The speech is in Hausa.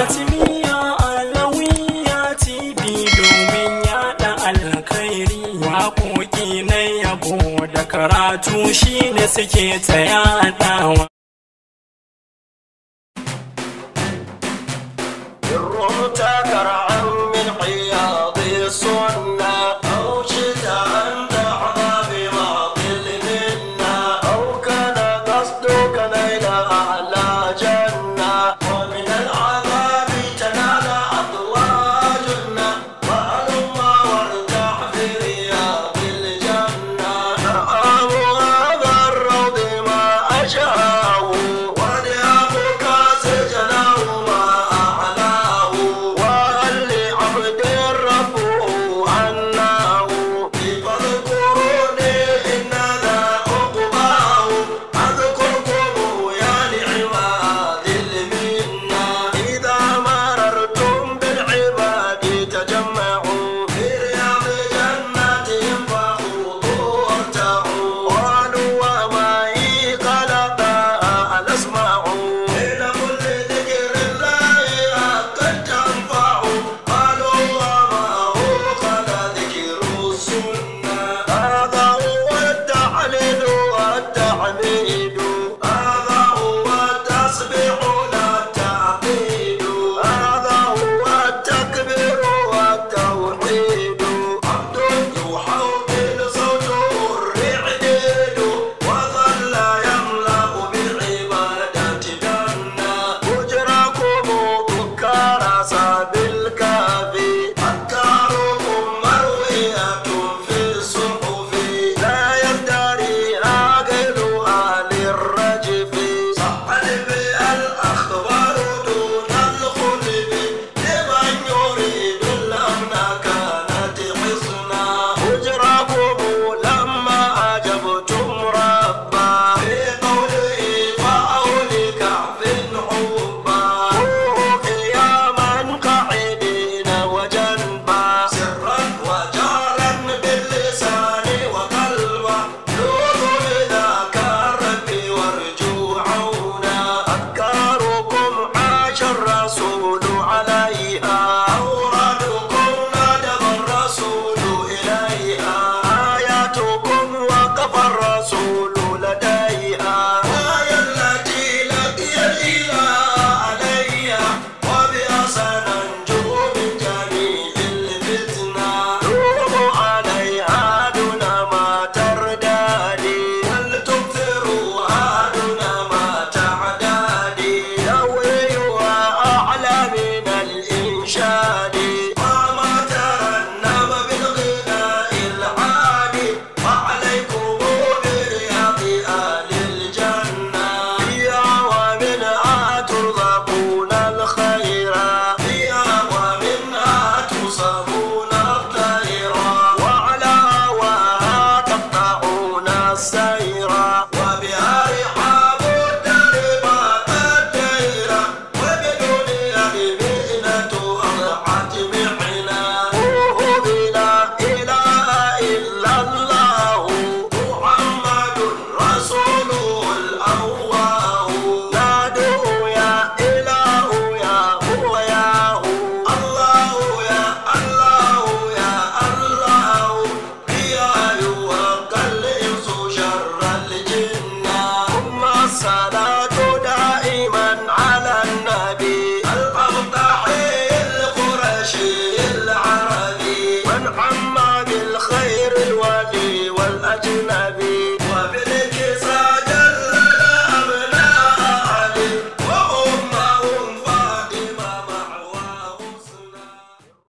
Fatimiyya Alawiyya TV domin yaɗa alkhairi waƙoƙi na yabo da karatu shine suke ta yaɗawa. Rubuta Lord.